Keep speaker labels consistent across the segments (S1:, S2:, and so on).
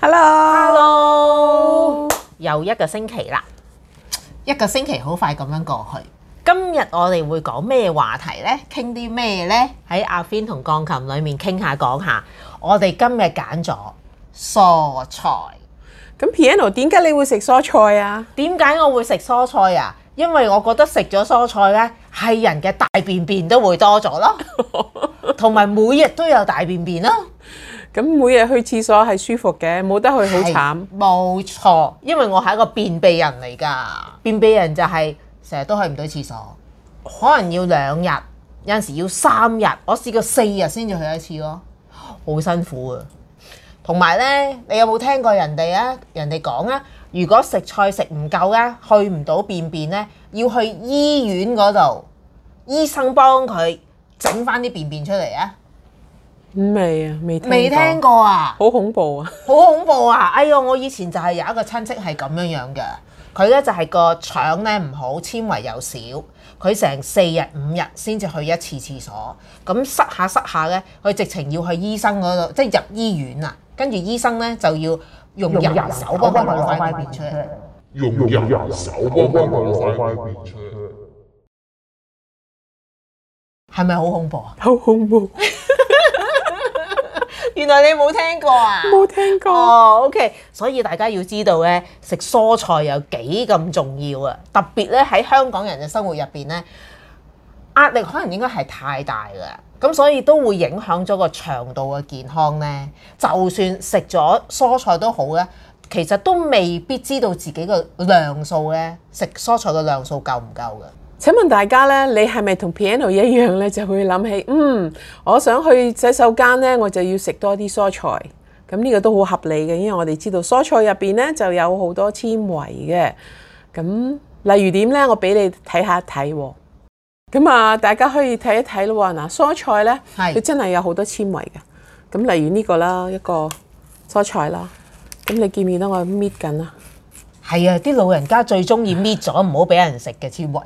S1: Hello, Hello. 又一個星期啦，一個星期好快咁樣過去。今日我哋會講咩話題呢？傾啲咩呢？喺阿 f 同鋼琴裏面傾下講下。我哋今日揀咗蔬菜。
S2: 咁 Piano 點解你會食蔬菜啊？點解我會食蔬菜啊？
S1: 因為我覺得食咗蔬菜呢，係人嘅大便便都會多咗咯，同埋 每日都有大便便咯。咁每日去廁所係舒服嘅，冇得去好慘。冇錯，因為我係一個便秘人嚟㗎。便秘人就係成日都去唔到廁所，可能要兩日，有陣時要三日。我試過四日先至去一次咯，好辛苦啊！同埋呢，你有冇聽過人哋啊？人哋講啊，如果食菜食唔夠啊，去唔到便便呢，要去醫院嗰度，醫生幫佢整翻啲便便出嚟啊！
S2: 未啊，未未聽過啊，過好恐怖啊，
S1: 好恐怖啊！哎呀，我以前就係有一個親戚係咁樣樣嘅，佢咧就係個腸咧唔好，纖維又少，佢成四日五日先至去一次廁所，咁塞下塞下咧，佢直情要去醫生嗰度，即係入醫院啦。跟住醫生咧就要用人手幫幫佢攞塊便出嚟，用用人手幫幫佢攞塊便出嚟，係咪好恐怖啊？好恐怖！ 原來你冇聽過啊！冇聽過哦。Oh, OK，所以大家要知道咧，食蔬菜有幾咁重要啊！特別咧喺香港人嘅生活入邊咧，壓力可能應該係太大啦，咁所以都會影響咗個腸道嘅健康咧。就算食咗蔬菜都好咧，其實都未必知道自己個量數咧，食蔬菜嘅
S2: 量數夠唔夠嘅。請問大家咧，你係咪同 Piano 一樣咧，就會諗起嗯，我想去洗手間咧，我就要食多啲蔬菜。咁呢個都好合理嘅，因為我哋知道蔬菜入邊咧就有好多纖維嘅。咁例如點咧，我俾你睇下睇。咁啊，大家可以睇一睇咯。嗱，蔬菜咧，佢是真係有好多纖維㗎。咁例如呢個啦，一個蔬菜啦。咁你見唔見到我搣緊啊？係啊，啲老人家最中意搣咗，唔好俾人食嘅纖維。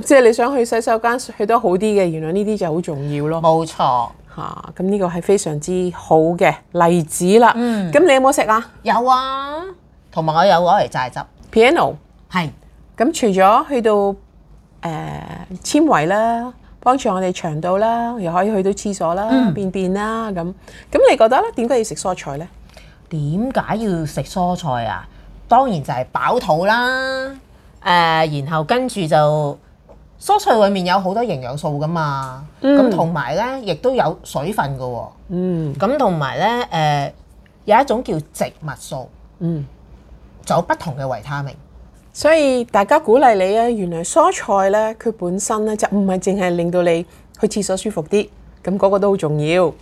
S2: 即係你想去洗手間去得好啲嘅，原來呢啲就好重要咯。冇錯，嚇咁呢個係非常之好嘅例子啦。咁、嗯、你有冇食啊？有啊，同埋我有攞嚟榨汁。Piano 係咁是，除咗去到誒、呃、纖維啦，幫助我哋腸道啦，又可以去到廁所啦、嗯、便便啦。咁咁你覺得咧？點解要食蔬菜咧？點解要食蔬菜啊？當然就係飽肚啦。誒、呃，然
S1: 後跟住就。蔬菜裏面有好多營養素㗎嘛，咁同埋呢亦都有水分㗎喎，咁同埋呢，誒、呃、有一種叫植物素，嗯，仲有不同嘅維他命，
S2: 所以大家鼓勵你啊，原來蔬菜呢，佢本身呢，就唔係淨係令到你去廁所舒服啲，咁、那、嗰個都好重要，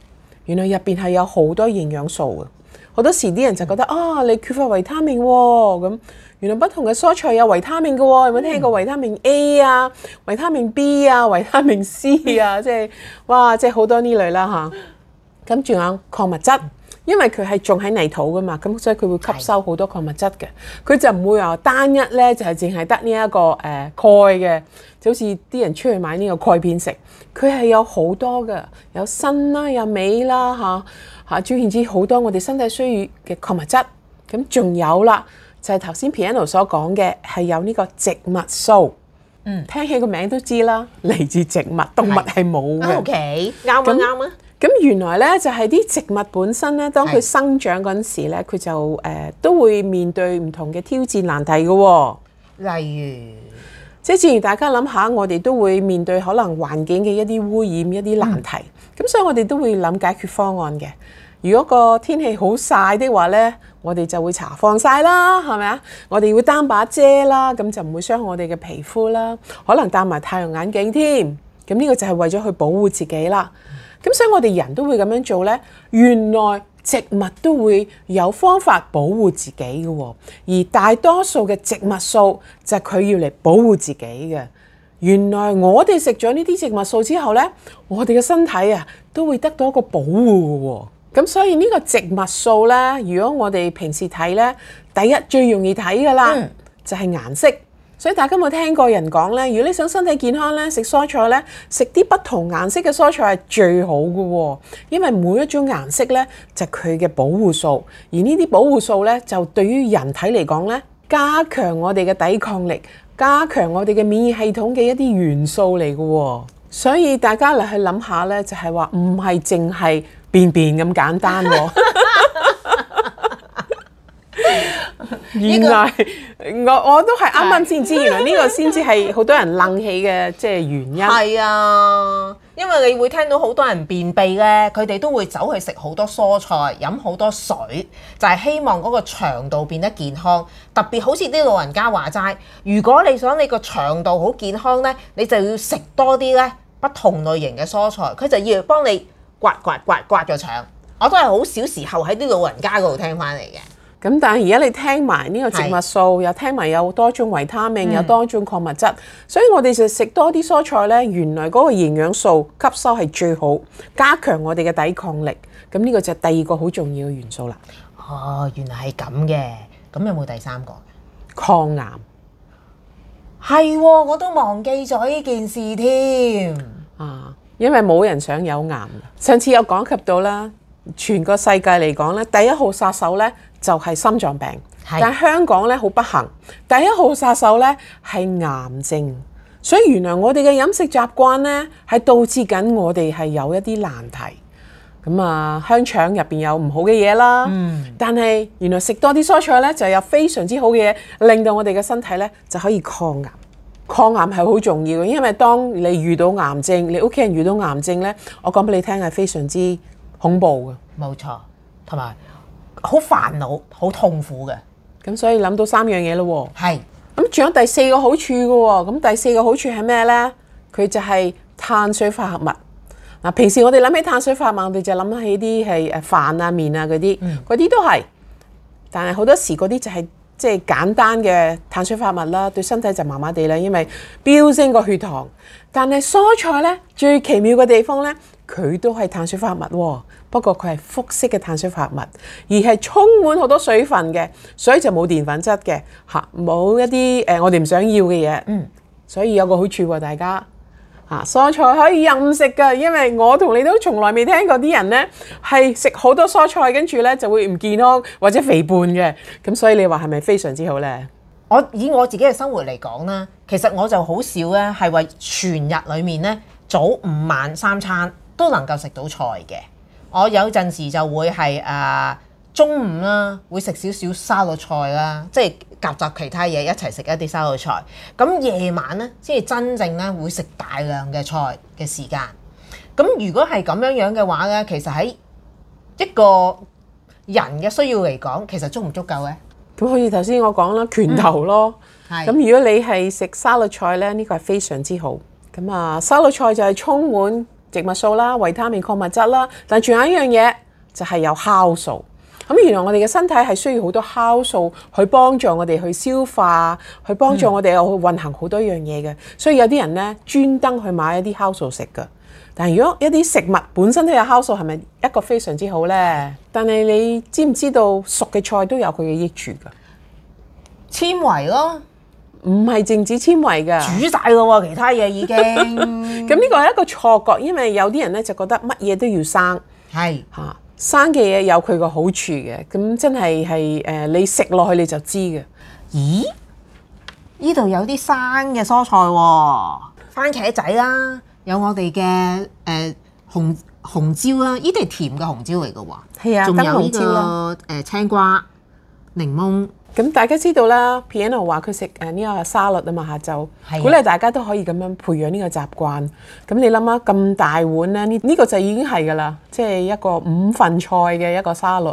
S2: 原來入邊係有好多營養素啊！好多時啲人就覺得啊、哦，你缺乏維他命喎、哦、咁，原來不同嘅蔬菜有維他命嘅喎、哦，有冇聽過維他命 A 啊、維他命 B 啊、維他命 C 啊？即係哇，即係好多呢類啦嚇。咁、啊、仲有礦物質，因為佢係種喺泥土噶嘛，咁所以佢會吸收好多礦物質嘅。佢就唔會話單一咧，就係淨係得呢一個誒、呃、鈣嘅，就好似啲人出去買呢個鈣片食，佢係有好多嘅，有鋅啦，有鎂啦嚇。啊嚇，諸如此好多我哋身體需要嘅礦物質，咁仲有啦，就係頭先 Piano 所講嘅，係有呢個植物素。嗯，聽起個名都知啦，嚟自植物，動物係冇嘅。O K，啱唔啱啊？咁原來咧就係啲植物本身咧，當佢生長嗰陣時咧，佢就誒都會面對唔同嘅挑戰難題嘅。例如，即係正如大家諗下，我哋都會面對可能環境嘅一啲污染、一啲難題，咁所以我哋都會諗解決方案嘅。如果個天氣好曬的話呢，我哋就會搽防曬啦，係咪啊？我哋會擔把遮啦，咁就唔會傷害我哋嘅皮膚啦。可能戴埋太陽眼鏡添，咁呢個就係為咗去保護自己啦。咁所以我哋人都會咁樣做呢。原來植物都會有方法保護自己嘅，而大多數嘅植物素就係佢要嚟保護自己嘅。原來我哋食咗呢啲植物素之後呢，我哋嘅身體啊都會得到一個保護嘅。咁所以呢個植物素呢，如果我哋平時睇呢，第一最容易睇㗎啦，嗯、就係顏色。所以大家有冇聽過人講呢？如果你想身體健康呢，食蔬菜呢，食啲不同顏色嘅蔬菜係最好嘅喎、哦。因為每一種顏色呢，就佢、係、嘅保護素，而呢啲保護素呢，就對於人體嚟講呢，加強我哋嘅抵抗力，加強我哋嘅免疫系統嘅一啲元素嚟嘅、哦。所以大家嚟去諗下呢，就係話唔係淨係。便便咁簡單喎、哦， 原來我我都係啱啱先知，是的 原來呢個先至係好多人冷氣嘅即係原因。係啊，因為你會聽到好多
S1: 人便秘咧，佢哋都會走去食好多蔬菜，飲好多水，就係、是、希望嗰個腸道變得健康。特別好似啲老人家話齋，如果你想你個腸道好健康咧，你就要食多啲咧不同類型嘅蔬菜，佢就要幫你。刮刮刮刮咗腸，我都係好小時候喺啲老人家嗰度聽翻嚟嘅。
S2: 咁但係而家你聽埋呢個植物素，是又聽埋有多種維他命，嗯、有多種礦物質，所以我哋就食多啲蔬菜呢，原來嗰個營養素吸收係最好，加強我哋嘅抵抗力。咁呢個就第二個好重要嘅元素啦。哦，原來係咁嘅。咁
S1: 有冇第三個？
S2: 抗癌。係、
S1: 哦，我都忘記咗呢件事添。啊、嗯。
S2: 因為冇人想有癌。上次有講及到啦，全個世界嚟講咧，第一號殺手咧就係心臟病。是但香港咧好不幸，第一號殺手咧係癌症。所以原來我哋嘅飲食習慣咧係導致緊我哋係有一啲難題。咁啊，香腸入邊有唔好嘅嘢啦。嗯。嗯，但係原來食多啲蔬菜咧，就有非常之好嘅嘢，令到我哋嘅身體咧就可以抗癌。抗癌係好重要嘅，因為當你遇到癌症，你屋企人遇到癌症咧，我講俾你聽係非常之恐怖嘅，冇錯，同埋好煩惱、好痛苦嘅。咁所以諗到三樣嘢咯，係咁，仲有第四個好處嘅喎。咁第四個好處係咩咧？佢就係碳水化合物。嗱，平時我哋諗起碳水化合物，我哋就諗起啲係誒飯啊、麵啊嗰啲，嗰啲都係，但係好多時嗰啲就係、是。即係簡單嘅碳水化合物啦，對身體就麻麻地啦，因為飆升個血糖。但係蔬菜呢，最奇妙嘅地方呢，佢都係碳水化合物，不過佢係複式嘅碳水化合物，而係充滿好多水分嘅，所以就冇澱粉質嘅嚇，冇一啲誒、呃、我哋唔想要嘅嘢。嗯，所以有個好處喎、啊，大家。啊！蔬菜可以任食㗎，因為我同你都從來未聽過啲人呢係食好多蔬菜，跟住呢就會唔健康或者肥胖嘅。咁所以你話係咪非常之好呢？
S1: 我以我自己嘅生活嚟講啦，其實我就好少呢係為全日裏面呢早午晚三餐都能夠食到菜嘅。我有陣時就會係誒、呃、中午啦，會食少少沙律菜啦，即係。夾雜其他嘢一齊食一啲沙律菜，咁夜晚呢即係真正呢會食大量嘅菜嘅時間。咁如果係咁樣樣嘅話呢，其實喺一個人嘅需要嚟講，其實
S2: 足唔足夠呢？咁好似頭先我講啦，拳頭咯。係。咁如果你係食沙律菜呢，呢個係非常之好。咁啊，沙律菜就係充滿植物素啦、維他命、礦物質啦，但仲有一樣嘢就係有酵素。咁原來我哋嘅身體係需要好多酵素去幫助我哋去消化，嗯、去幫助我哋去運行好多樣嘢嘅。所以有啲人呢專登去買一啲酵素食㗎。但係如果一啲食物本身都有酵素，係咪一個非常之好呢？但係你知唔知道熟嘅菜都有佢嘅益處㗎？纖維咯，唔係淨止纖維㗎，煮晒咯，其他嘢已經。咁呢、 嗯這個係一個錯覺，因為有啲人呢就覺得乜嘢都要生，係嚇是。嗯生嘅嘢有佢個好處嘅，咁真係係誒，你食落去你就知嘅。咦？呢度有啲生嘅
S1: 蔬菜喎、啊，番茄仔啦、啊，有我哋嘅誒紅紅椒啦、啊，呢啲係甜嘅紅椒嚟嘅喎。係啊，仲、啊、有、呢個誒、啊呃、紅椒、
S2: 青瓜、檸檬。咁大家知道啦，Piano 話佢食誒呢個沙律啊嘛，下晝鼓勵大家都可以咁樣培養呢個習慣。咁你諗下，咁大碗咧，呢、呢、呢個就已經係噶啦，即係一個五份菜嘅一個沙律。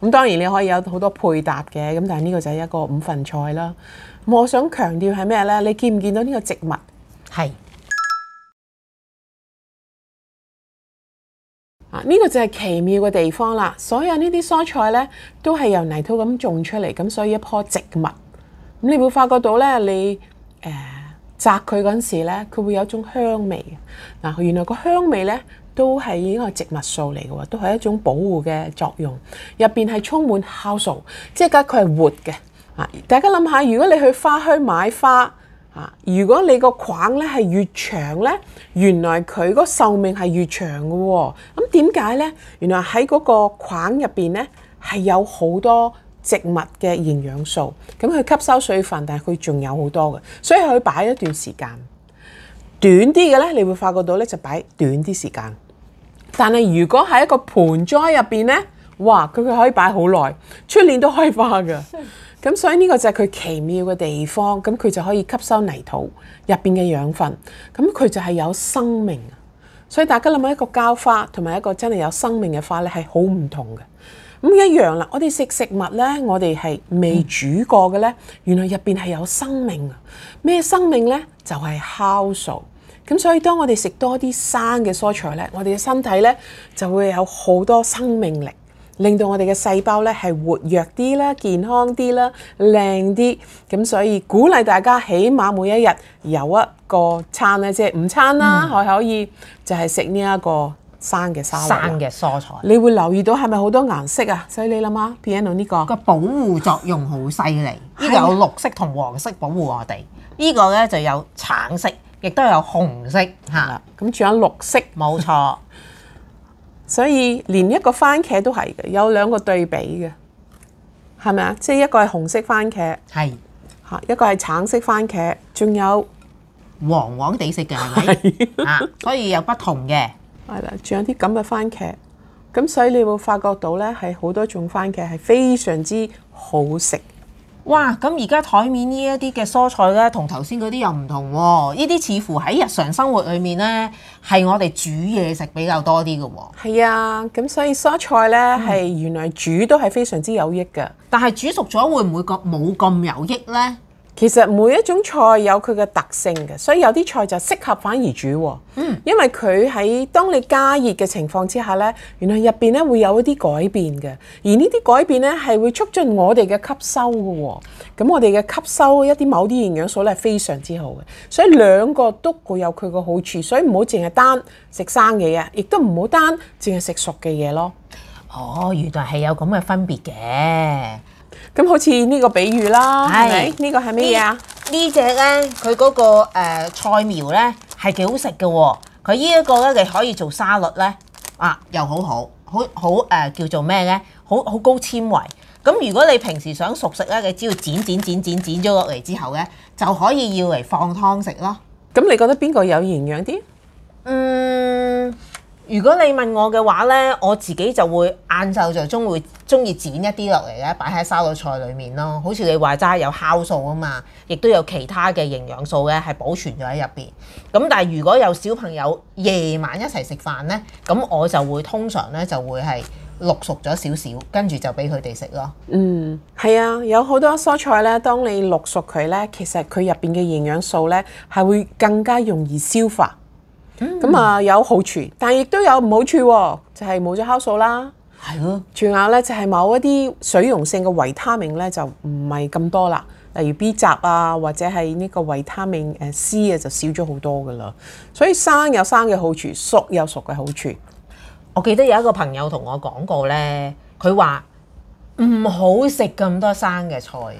S2: 咁當然你可以有好多配搭嘅，咁但係呢個就係一個五份菜啦。我想強調係咩咧？你見唔見到呢個植物？係。啊！呢個就係奇妙嘅地方啦。所有呢啲蔬菜呢，都係由泥土咁種出嚟，咁所以一棵植物咁，你會發覺到呢，你誒、呃、摘佢嗰陣時呢，佢會有一種香味。嗱、啊，原來個香味呢，都係一個植物素嚟嘅喎，都係一種保護嘅作用。入邊係充滿酵素，即係佢係活嘅。啊，大家諗下，如果你去花墟買花。如果你個框咧係越長咧，原來佢個壽命係越長嘅喎。咁點解咧？原來喺嗰個框入邊咧係有好多植物嘅營養素，咁佢吸收水分，但係佢仲有好多嘅，所以佢擺一段時間短啲嘅咧，你會發覺到咧就擺短啲時間。但係如果喺一個盆栽入邊咧，哇！佢佢可以擺好耐，出年都開花㗎。咁所以呢個就係佢奇妙嘅地方，咁佢就可以吸收泥土入邊嘅養分，咁佢就係有生命啊！所以大家諗下一個膠花同埋一個真係有生命嘅花咧，係好唔同嘅。咁一樣啦，我哋食食物咧，我哋係未煮過嘅咧，原來入邊係有生命啊！咩生命咧？就係、是、酵素。咁所以當我哋食多啲生嘅蔬菜咧，我哋嘅身體咧就會有好多生命力。令到我哋嘅細胞咧係活躍啲啦，健康啲啦，靚啲。咁所以鼓勵大家起碼每一日有一個餐咧，即係午餐啦，可、嗯、可以就係食呢一個生嘅沙生嘅蔬菜。你會留意到係咪好多顏色啊？所以你諗下，Piano 呢、這個個保護作用好犀利。呢 個有綠色同黃色保護我哋。
S1: 呢、這個咧就有
S2: 橙色，亦都有紅色嚇。咁仲、嗯、有綠色，冇 錯。所以連一個番茄都係嘅，有兩個對比嘅，係咪啊？即係一個係紅色番茄，係嚇是，一個係橙色番茄，仲有黃黃地色嘅，係咪是啊？所以有不同嘅，係啦， 仲有啲咁嘅番茄，咁所以你會發覺到咧，係好多種番茄係非常之好食。
S1: 哇！咁而家枱面呢一啲嘅蔬菜咧，同頭先嗰啲又唔同喎。呢啲似乎喺日常生活裏面咧，係我哋煮嘢食比較多啲
S2: 嘅喎。係啊，咁所以蔬菜咧係、嗯、原來煮都係非常之有益嘅。但係煮熟咗會唔會冇咁有，有益咧？其實每一種菜有佢嘅特性嘅，所以有啲菜就適合反而煮喎。嗯，因為佢喺當你加熱嘅情況之下呢，原來入邊呢會有一啲改變嘅，而呢啲改變呢係會促進我哋嘅吸收嘅喎。咁我哋嘅吸收一啲某啲營養素呢係非常之好嘅，所以兩個都會有佢嘅好處，所以唔好淨係單食生嘅嘢，亦都唔好單淨係食熟嘅嘢咯。哦，原來係有咁嘅分別嘅。
S1: 咁好似呢個比喻啦，係
S2: 呢個係咩嘢啊？呢隻咧，佢嗰個
S1: 誒菜苗咧係幾好食嘅喎。佢呢一個咧，你可以做沙律咧，啊又好好好好誒、呃、叫做咩咧？好好高纖維。咁如果你平時想熟食咧，你只要剪剪剪剪剪咗落嚟之後咧，就可以要嚟放湯
S2: 食咯。咁你覺得邊個有營養啲？嗯。
S1: 如果你問我嘅話呢，我自己就會晏晝就中會鍾意剪一啲落嚟嘅，擺喺沙律菜裡面咯。好似你話齋，有酵素啊嘛，亦都有其他嘅營養素咧，係保存咗喺入邊。咁但係如果有小朋友夜晚一齊食飯呢，咁我就會通常呢就會係綠熟咗少少，跟住就俾佢哋食咯。嗯，
S2: 係啊，有好多蔬菜呢，當你綠熟佢呢，其實佢入邊嘅營養素呢係會更加容易消化。咁啊，嗯嗯有好處，但亦都有唔好處，就係冇咗酵素啦。係咯的，仲有咧，就係某一啲水溶性嘅維他命咧，就唔係咁多啦。例如 B 雜啊，或者係呢個維他命 C 啊，就少咗好多噶啦。所以生有生嘅好處，熟有熟嘅好處。我記得有一個朋友同我講過咧，佢話唔好食
S1: 咁多生嘅菜嘅。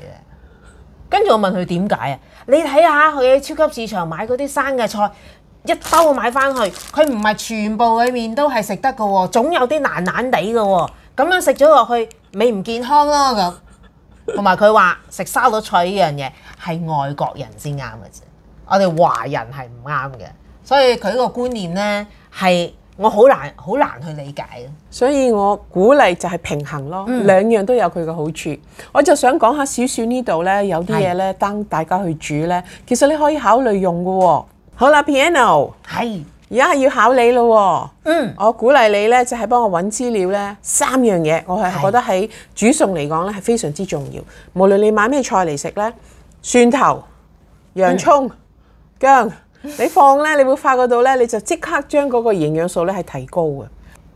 S1: 跟住我問佢點解啊？你睇下佢喺超級市場買嗰啲生嘅菜，一包買翻去，佢唔係全部裏面都係食得嘅喎，總有啲爛爛地嘅喎，咁樣食咗落去你唔健康咯咁。同埋佢話食沙律菜呢樣嘢係外國人先啱嘅啫，我哋華人係唔啱嘅，所以佢個觀念呢，係我好難好難去理解嘅。
S2: 所以我鼓勵就係平衡咯，嗯、兩樣都有佢嘅好處。我就想講下少少呢度呢，有啲嘢呢，當大家去煮呢，其實你可以考慮用嘅喎。好啦，piano 係而家係要考你咯，嗯，我鼓勵你咧，就係、是、幫我揾資料咧，三樣嘢，我係覺得喺煮餸嚟講咧係非常之重要。無論你買咩菜嚟食咧，蒜頭、洋蔥、薑、嗯，你放咧，你會發覺到咧，你就即刻將嗰個營養素咧係提高嘅。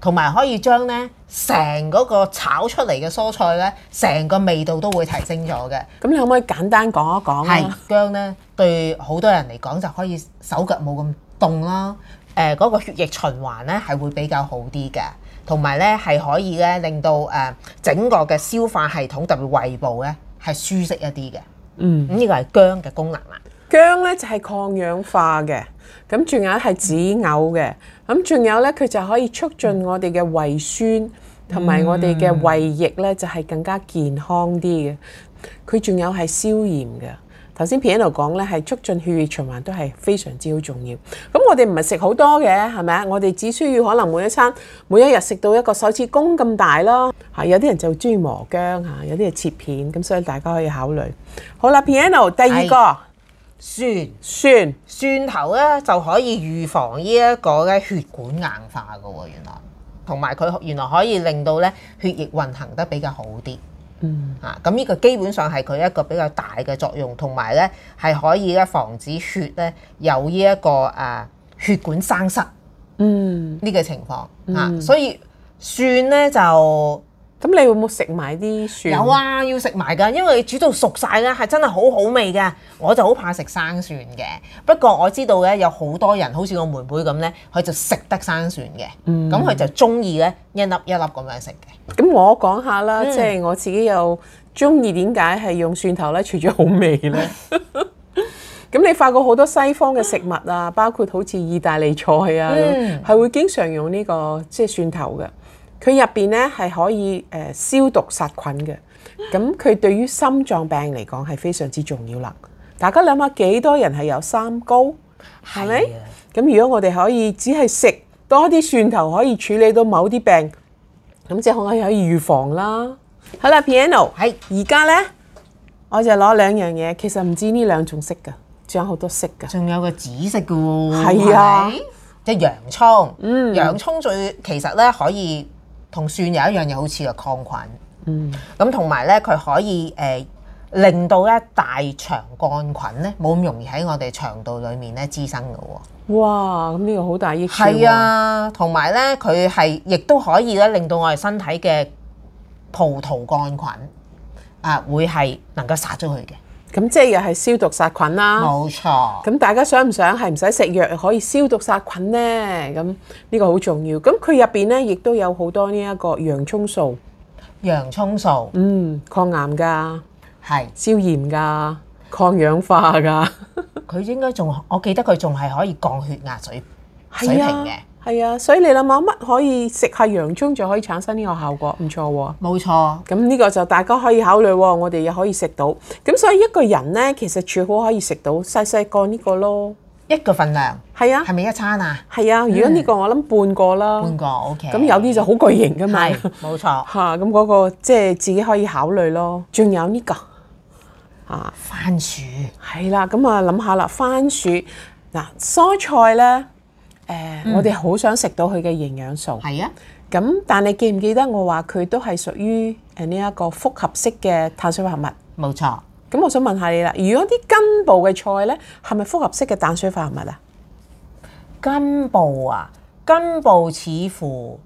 S1: 同埋可以將咧成嗰個炒出嚟嘅蔬菜咧，成個味道都會提升咗嘅。咁你可唔可以簡單講一講啊？係薑咧，對好多人嚟講就可以手腳冇咁凍啦。誒、呃，嗰、那個血液循環咧係會比較好啲嘅，同埋咧係可以咧令到誒、呃、整個嘅消化系統特別胃部咧係舒適一啲嘅。嗯，嗯，咁呢個係薑嘅功能啊。
S2: 薑咧就係、是、抗氧化嘅。咁仲有係止嘔嘅，咁仲有咧佢就可以促進我哋嘅胃酸同埋我哋嘅胃液咧，就係更加健康啲嘅。佢仲有係消炎嘅。頭先 Piano 講咧，係促進血液循環都係非常之好重要。咁我哋唔係食好多嘅，係咪啊？我哋只需要可能每一餐、每一日食到一個手指公咁大咯。嚇，有啲人就鍾意磨薑嚇，有啲係切片，咁所以大家可以考慮。好啦，Piano 第二個。蒜蒜蒜頭咧就可以預防呢一個咧血管硬化噶喎。哦，原來
S1: 同埋佢原來可以令到咧血液運行得比較好啲，嗯啊咁呢個基本上係佢一個比較大嘅作用，同埋咧係可以咧防止血咧有呢、這、一個誒、啊、血管生塞、嗯，嗯呢個情況啊，所以蒜咧就。咁你會唔會食埋啲蒜？有啊，要食埋噶，因為煮到熟晒咧，係真係好好味嘅。我就好怕食生蒜嘅。不過我知道咧，有好多人好似我妹妹咁咧，佢就食得生蒜嘅。咁佢、嗯、就
S2: 中意咧一粒一粒咁樣食嘅。咁我講下啦，即係、嗯、我自己又中意點解係用蒜頭咧？除咗好味咧，咁、嗯、 你發覺好多西方嘅食物啊，包括好似意大利菜啊，係、嗯、會經常用呢、這個即係蒜頭嘅。佢入邊咧係可以誒、呃、消毒殺菌嘅，咁佢對於心臟病嚟講係非常之重要啦。大家諗下幾多人係有三高，係咪的？咁如果我哋可以只係食多啲蒜頭，可以處理到某啲病，咁即係可以可以預防啦。的好啦，Piano 係而家咧，我就攞兩樣嘢，其實唔知呢兩種色噶，仲有好多色噶，仲有個紫色噶，係啊的，即係洋葱，嗯，洋葱最其
S1: 實咧可以。嗯嗯嗯同蒜有一樣嘢，好似個抗菌。嗯，咁同埋咧，佢可以誒、呃、令到咧大腸桿菌咧冇咁容易喺我哋腸道裡面咧滋生嘅喎、
S2: 哦。哇！咁、這、呢個好大益處喎、哦。係啊，同埋咧，佢係
S1: 亦都可以咧令到我哋身體嘅葡萄桿菌
S2: 啊、呃，會係能夠殺咗佢嘅。咁即係又係消毒殺菌啦，冇錯錯。咁大家想唔想係唔使食藥可以消毒殺菌呢？咁呢個好重要。咁佢入邊呢，亦都有好多呢一個洋蔥素，洋蔥素，嗯，抗癌噶係是消炎噶抗氧化噶佢 應該仲，
S1: 我記得佢仲係可以降血壓水、啊、水平
S2: 嘅。係啊，所以你諗下，乜可以食下洋葱就可以產生呢個效果，唔錯喎。冇錯，咁呢個就大家可以考慮喎，我哋又可以食到。咁所以一個人呢，其實最好可以食到細細個呢個咯，一個份量
S1: 係啊，係咪一餐啊？
S2: 係啊，如果呢個、嗯、我諗半個啦，半個 O K。咁有啲就好巨型㗎嘛，冇錯吓，咁嗰個即係自己可以考慮咯。仲有呢個啊，番薯係啦。咁啊諗下啦，番薯嗱蔬菜呢。誒、呃，我哋好想食到佢嘅營養素。係啊，咁但你記唔記得我話佢都係屬於誒呢一個複合式嘅碳水化合物。冇錯。咁我想問下你啦，如果啲根部嘅菜呢，係咪複合式嘅碳水化合物啊？
S1: 根部啊，根部似乎。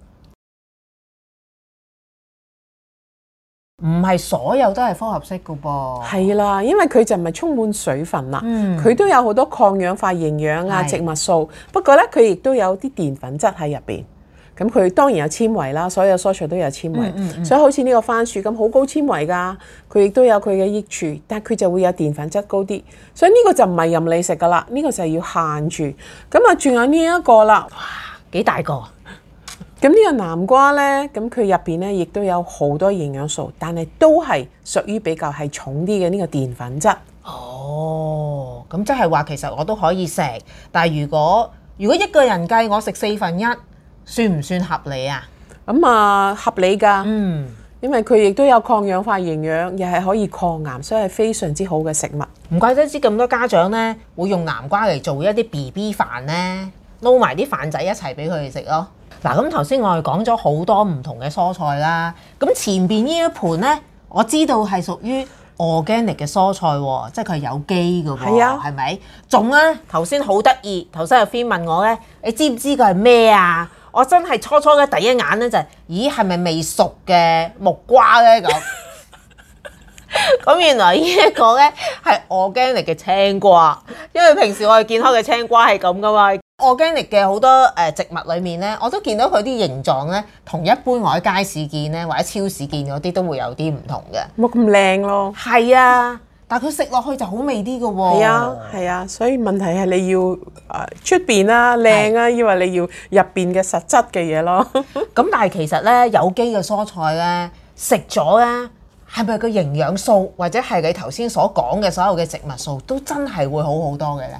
S2: 唔係所有都係複合式噶噃，係啦，因為佢就唔係充滿水分啦，佢、嗯、都有好多抗氧化營養啊、是植物素。不過咧，佢亦都有啲澱粉質喺入邊。咁佢當然有纖維啦，所有蔬菜都有纖維，嗯嗯嗯、所以好似呢個番薯咁，好高纖維噶。佢亦都有佢嘅益處，但係佢就會有澱粉質高啲。所以呢個就唔係任你食噶啦，呢、呢個就係要限住。咁啊，轉下呢一個啦，哇，幾大個！咁呢個南瓜呢，咁佢入邊呢亦都有好多營養素，但係都係屬於比較係重啲嘅呢個澱粉質。哦，咁即係話其實我都可
S1: 以食，但係如果如果一個人計我食四分一，算唔算合理
S2: 啊？咁啊，合理噶，嗯，因為佢亦都有抗氧化營養，又係可以抗癌，所以係非常之好嘅食物。唔怪得之咁多家長呢會用南瓜嚟
S1: 做一啲 BB 飯呢。撈埋啲飯仔一齊俾佢哋食咯。嗱，咁頭先我哋講咗好多唔同嘅蔬菜啦。咁前邊呢一盤呢，我知道係屬於 organic 嘅蔬菜喎，即係佢係有機嘅喎，係啊，係咪？種啊，頭先好得意，頭先阿飛問我呢，你知唔知佢係咩啊？我真係初初嘅第一眼呢，就係，咦，係咪未熟嘅木瓜呢？咁，咁原來呢一個呢，係 organic 嘅青瓜，因為平時我哋健康嘅青瓜係咁噶嘛。我經歷嘅好多誒植物裏面咧，我都見到佢啲形狀咧，同一般我喺街市見咧，或者超市見嗰啲都會有啲唔同嘅。
S2: 冇咁靚咯，係啊，但係佢食落去就好味啲嘅喎。係啊，係啊，所以問題係你要誒出邊啊靚啊，以為、啊、你要入邊嘅實質嘅嘢咯。咁 但係其實咧，有機嘅蔬菜咧，食咗咧，係咪個營養素或者係你頭先所講嘅所有嘅植物素都真係會好好多嘅咧？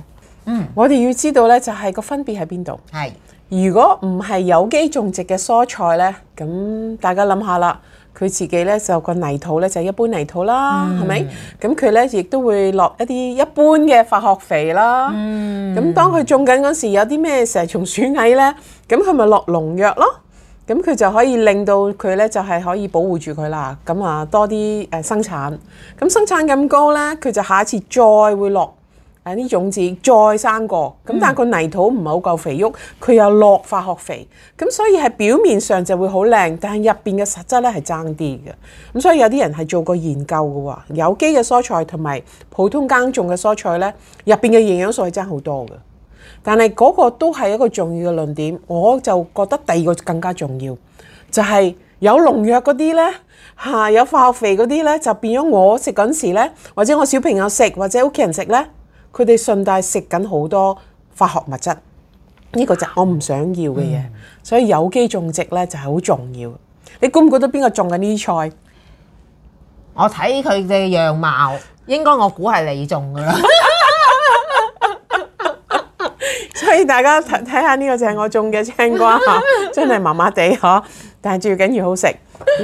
S2: 嗯，我哋要知道咧，就係個分別喺邊度？係如果唔係有機種植嘅蔬菜咧，咁大家諗下啦，佢自己咧就個泥土咧就係一般泥土啦，係咪？咁佢咧亦都會落一啲一般嘅化學肥啦。嗯，咁當佢種緊嗰時有啲咩蛇蟲鼠蟻咧，咁佢咪落農藥咯？咁佢就可以令到佢咧就係可以保護住佢啦。咁啊多啲誒生產，咁生產咁高咧，佢就下一次再會落。誒呢種子再生過咁，但係個泥土唔係好夠肥沃，佢又落化學肥咁，所以係表面上就會好靚，但係入邊嘅實質咧係爭啲嘅。咁所以有啲人係做過研究嘅喎，有機嘅蔬菜同埋普通耕種嘅蔬菜咧，入邊嘅營養素係爭好多嘅。但係嗰個都係一個重要嘅論點，我就覺得第二個更加重要，就係有農藥嗰啲咧嚇，有化學肥嗰啲咧就變咗我食緊時咧，或者我小朋友食或者屋企人食咧。佢哋順帶食緊好多化學物質，呢個就我唔想要嘅嘢，所以有機種植咧就係好重要。你估唔估得邊個種緊呢啲菜？我睇佢嘅樣貌，應該我估係你種噶啦。所以大家睇睇下呢個就係我種嘅青瓜吓，真係麻麻地吓，但係最緊要好食。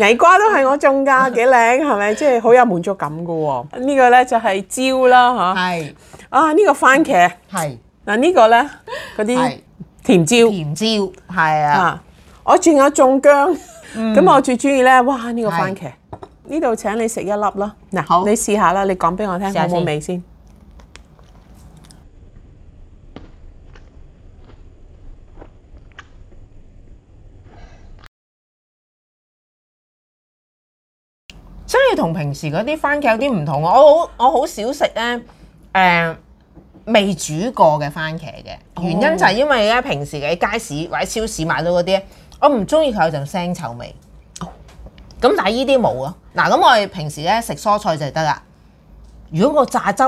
S2: 矮 瓜都係我種噶，幾靚係咪？即係好有滿足感噶。呢個咧就係椒啦吓。係。啊呢、啊嗯呢個番茄。係是。嗱呢個咧嗰啲甜椒。甜椒。係啊。我仲有種薑。咁我最中意咧，哇呢個番茄。呢度請你食一粒咯。嗱好。你試下啦，你講俾我聽，有冇味先。
S1: 同平時嗰啲番茄有啲唔同，我好我好少食咧誒未煮過嘅番茄嘅，原因就係因為咧平時喺街市或者超市買到嗰啲，我唔中意佢有陣腥臭味。咁、哦、但係依啲冇啊！嗱，咁我哋平時咧食蔬菜就得啦。如果個榨汁，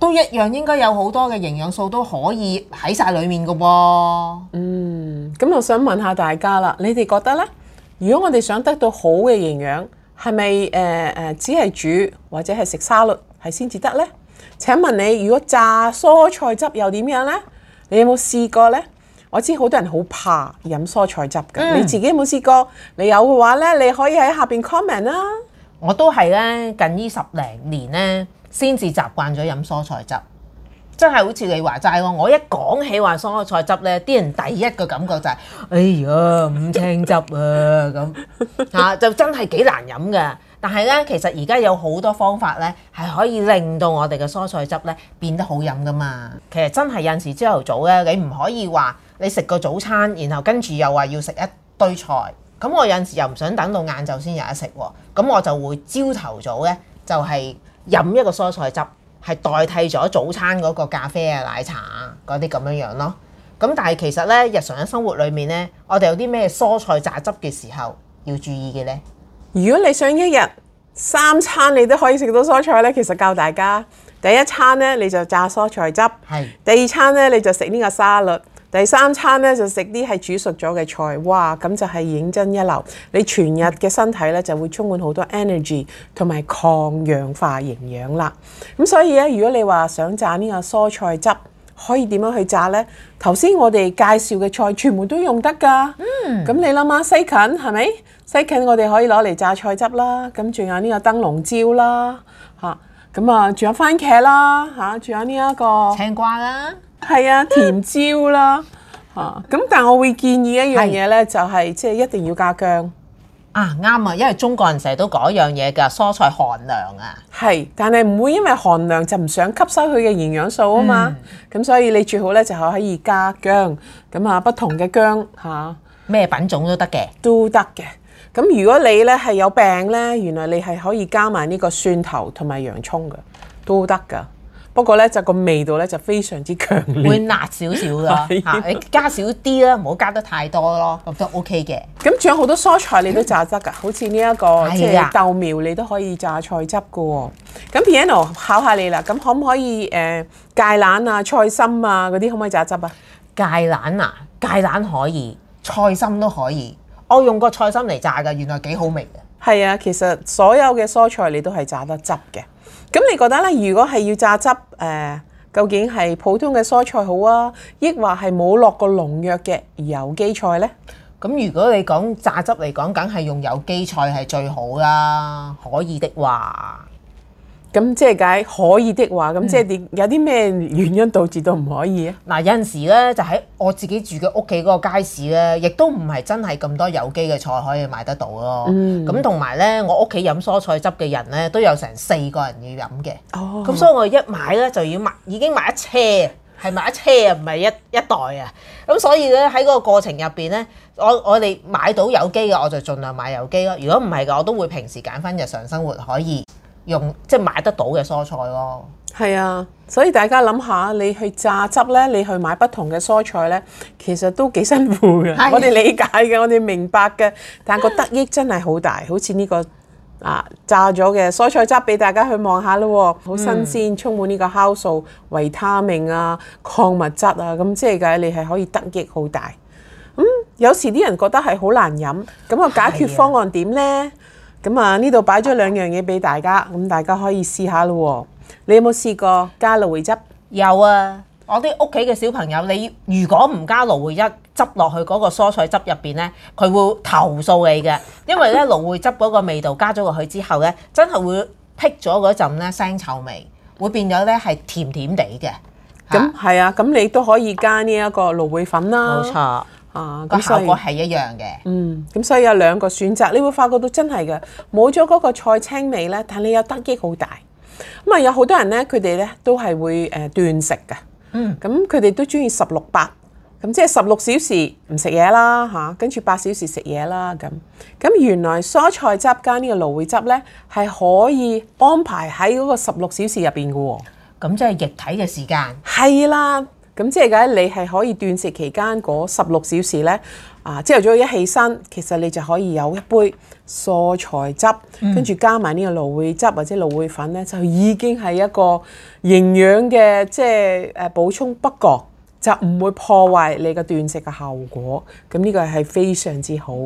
S1: 都一樣應該有好
S2: 多嘅營養素都可以喺晒裡面嘅喎。嗯，咁我想問下大家啦，你哋覺得咧？如果我哋想得到好嘅營養？係咪誒誒只係煮或者係食沙律係先至得呢？請問你如果榨蔬菜汁又點樣呢？你有冇試過呢？我知好多人好怕飲蔬菜汁嘅，嗯、你自己有冇試過？你有嘅話呢，你可以喺下邊 comment 啦。我都
S1: 係咧，近呢十零年咧，先至習慣咗飲蔬菜汁。真係好似你話齋喎！我一講起話蔬菜汁呢啲人第一個感覺就係、是：哎呀，五青汁 啊咁吓，就真係幾難飲㗎。但係呢，其實而家有好多方法呢，係可以令到我哋嘅蔬菜汁呢變得好飲㗎嘛。其實真係有陣時朝頭早呢，你唔可以話你食個早餐，然後跟住又話要食一堆菜。咁我有陣時又唔想等到晏晝先有得食喎。咁我就會朝頭早呢，就係、是、飲一個蔬菜汁。係代替咗早餐嗰個咖啡啊、奶茶啊嗰啲咁樣樣咯。咁但係其實咧，日常嘅生活裏面咧，我哋有
S2: 啲咩蔬菜榨汁嘅時候要注意嘅呢？如果你想一日三餐你都可以食到蔬菜咧，其實教大家第一餐咧你就榨蔬菜汁，係是第二餐咧你就食呢個沙律。第三餐咧就食啲係煮熟咗嘅菜，哇！咁就係認真一流。你全日嘅身體咧就會充滿好多 energy 同埋抗氧化營養啦。咁、嗯、所以咧，如果你話想榨呢個蔬菜汁，可以點樣去榨呢？頭先我哋介紹嘅菜全部都用得噶。嗯。咁你諗下西芹，係咪？西芹我哋可以攞嚟榨菜汁啦。咁仲有呢個燈籠椒啦，嚇。咁啊，仲有番茄啦，嚇、啊。仲有呢、這、一個青瓜啦。係啊，甜椒啦，嚇，咁，但係我會建議一樣嘢咧，就係即係一定要加薑。啊，啱啊，
S1: 因為中國人成日都講一樣嘢噶，蔬
S2: 菜寒涼啊。係，但係唔會因為寒涼就唔想吸收佢嘅營養素啊嘛。咁所以你最好咧就可可以加薑，咁啊不同嘅薑，嚇，咩品種都得嘅，都得嘅。咁如果你咧係有病咧，原來你係可以加埋呢個蒜頭同埋洋蔥嘅，都得噶。不過咧，就個味道咧就非常之強烈，會辣少少啦、 啊、你加少啲啦，唔好加得太多咯，咁都 OK 嘅。咁仲有好多蔬菜你都榨汁噶，的好似呢一個的豆苗，你都可以榨菜汁噶、哦。咁 Piano 考下你啦，咁可唔可以誒、呃、芥蘭啊、菜心啊嗰啲可唔可以榨汁啊？芥蘭啊，芥蘭可以，菜心都可以。我用個菜心嚟榨㗎，原來幾好味嘅。係啊，其實所有嘅蔬菜你都係榨得汁嘅。咁你覺得咧？如果係要榨汁，誒、呃，究竟係普通嘅蔬菜好啊，抑或係冇落過農藥嘅有機菜呢？
S1: 咁如果你講榨汁嚟講，梗係用有機菜係最好啦、啊，可以的話。
S2: 咁即係解可以的話，咁即係點？有啲咩原因
S1: 導致到唔可以啊？嗱、嗯，有陣時咧就喺我自己住嘅屋企嗰個街市咧，亦都唔係真係咁多有機嘅菜可以買得到咯。咁同埋咧，我屋企飲蔬菜汁嘅人咧都有成四個人要飲嘅。哦，咁所以我一買咧就要買，已經買一車，係買一車唔係一一袋啊。咁所以咧喺嗰個過程入邊咧，我我哋買到有機嘅我就盡量買有機咯。如果唔係嘅，我都會平時揀翻日常生活可以。用即係買得到嘅蔬菜咯，
S2: 係啊，所以大家諗下，你去榨汁呢，你去買不同嘅蔬菜呢，其實都幾辛苦嘅、哎呀。我哋理解嘅，我哋明白嘅，但個得益真係好大。好似呢、呢個啊榨咗嘅蔬菜汁俾大家去望下咯，好新鮮，充滿呢個酵素、維他命啊、礦物質啊，咁即係你係可以得益好大、嗯。有時啲人覺得係好難飲，咁個解決方案點呢？咁啊，呢度擺咗兩樣嘢俾大家，咁大家可以試下咯。你有冇試過加蘆薈汁？有啊，
S1: 我啲屋企嘅小朋友，你如果唔加蘆薈汁，汁落去嗰個蔬菜汁入邊呢，佢會投訴你嘅。因為咧 蘆薈汁嗰個味道加咗落去之後呢，真係會辟咗嗰陣咧腥臭味，會變咗咧係甜甜地嘅。
S2: 咁係啊，咁、啊、你都可以加呢一個蘆薈粉啦。冇錯。啊，個效果係一樣嘅。嗯，咁所以有兩個選擇，你會發覺到真係嘅冇咗嗰個菜青味咧，但你又得益好大。咁、呃嗯、啊，有好多人咧，佢哋咧都係會誒斷食嘅。嗯，咁佢哋都中意十六八，咁即係十六小時唔食嘢啦嚇，跟住八小時食嘢啦咁。咁原來蔬菜汁加呢個蘆薈汁咧，係可以安排喺嗰個十六小時入邊嘅喎。咁即係液體嘅時間。係啦。咁即係你係可以斷食期間嗰十六小時呢，啊，朝頭早一起身，其實你就可以有一杯蔬菜汁，嗯、跟住加埋呢個蘆薈汁或者蘆薈粉呢，就已經係一個營養嘅即係誒、呃、補充不，不過就唔會破壞你嘅斷食嘅效果。咁呢個係非常之好。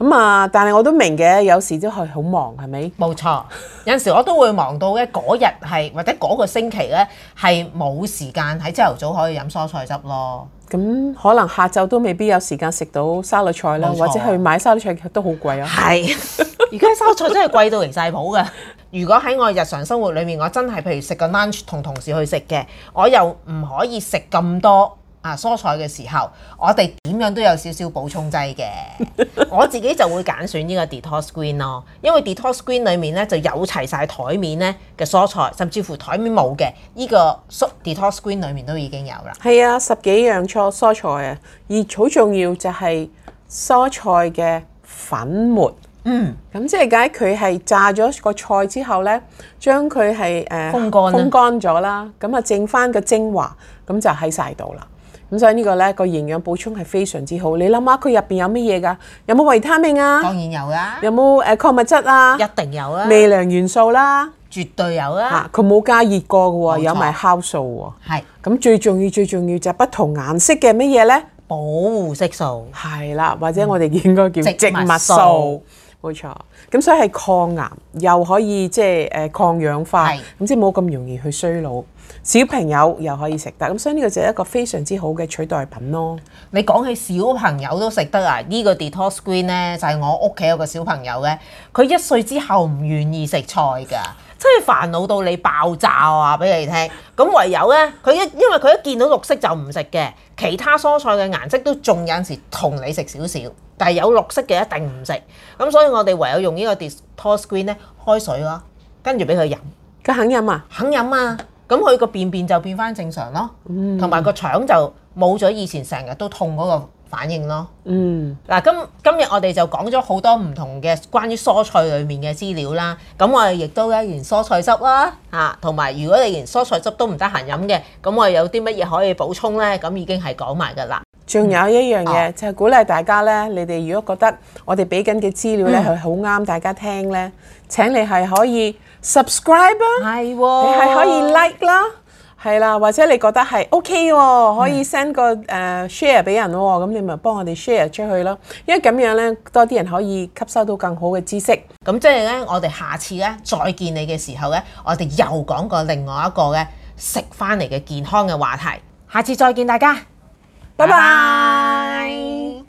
S2: 咁啊、嗯！但係我都明嘅，有時都係好忙，係咪？冇錯，有陣時我都會忙到咧，嗰日係或者嗰個星期咧係冇時間
S1: 喺朝頭早可以飲蔬菜汁咯。
S2: 咁、嗯、可能下晝都未必有時間食到沙律菜啦，冇錯。或者去買沙律菜都好貴啊。係，
S1: 而家沙律菜真係貴到離晒譜㗎。如果喺我日常生活裡面，我真係譬如食個 lunch 同同事去食嘅，我又唔可以食咁多。啊！蔬菜嘅時候，我哋點樣都有少少補充劑嘅。 我自己就會揀選呢個 Detox Green 咯，因為 Detox Green 裏面咧就有齊晒枱面咧嘅蔬菜，甚至乎枱面冇嘅呢個 Detox Green 裏面都已經有啦。
S2: 係啊，十幾樣菜蔬菜啊！而好重要就係蔬菜嘅粉末。嗯，咁即係解佢係炸咗個菜之後咧，將佢係誒風乾風乾咗啦，咁啊剩返個精華，咁就喺晒度啦。咁所以個呢個咧個營養補充係非常之好。你諗下佢入邊有乜嘢㗎？有冇維他命啊？當然、啊、有啦。有冇誒礦物質啊？一定有啊。微量元素啦、啊，絕對有啦、啊。嚇、啊，佢冇加熱過嘅喎，有埋錯酵素喎。咁是最重要最重要就不同顏色嘅乜嘢咧？保護色素。係啦，或者我哋應該叫植物素。冇、嗯、錯。咁所以係抗癌，又可以即係誒抗氧化，咁即係冇咁容易去衰老。小朋友又可以食得咁，所以呢個就係一個非常之好嘅取代品咯。你講起小朋友都食得啊？呢、呢
S1: 個 Detox Green 呢，就係、係、我屋企有個小朋友咧，佢一歲之後唔願意食菜㗎，真係煩惱到你爆炸啊！俾你聽。咁唯有呢，佢一因為佢一見到綠色就唔食嘅，其他蔬菜嘅顏色都仲有時同你食少少，但係有綠色嘅一定唔食咁，所以我哋唯有用呢個 Detox Green 呢開水咯，跟住俾佢飲。佢肯飲啊！肯飲啊！咁佢個便便就變翻正常咯，同埋個腸就冇咗以前成日都痛嗰個反應咯。嗱、嗯，今今日我哋就講咗好多唔同嘅關於蔬菜裡面嘅資料啦。咁我哋亦都飲蔬菜汁啦，啊，同埋如果你連蔬菜汁都唔得閒飲嘅，咁我哋有啲乜嘢可以補充咧？咁已經係講埋㗎啦。
S2: 仲有一樣嘢，嗯啊、就係鼓勵大家呢。你哋如果覺得我哋俾緊嘅資料呢係好啱大家聽呢，嗯、請你係可以、啊、subscribe，、嗯、係你係可以 like 啦、啊，係啦、啊，或者你覺得係 OK 喎、啊，可以 send 個誒 share 俾人喎、啊，咁你咪幫我哋 share 出去咯、啊。因為咁樣呢，多啲人可以吸收到更好嘅知識。咁即係呢，我哋下次呢，
S1: 再見你嘅時候呢，我哋又講個另外一個呢食翻嚟嘅健康嘅話題。下次再見大家。拜拜。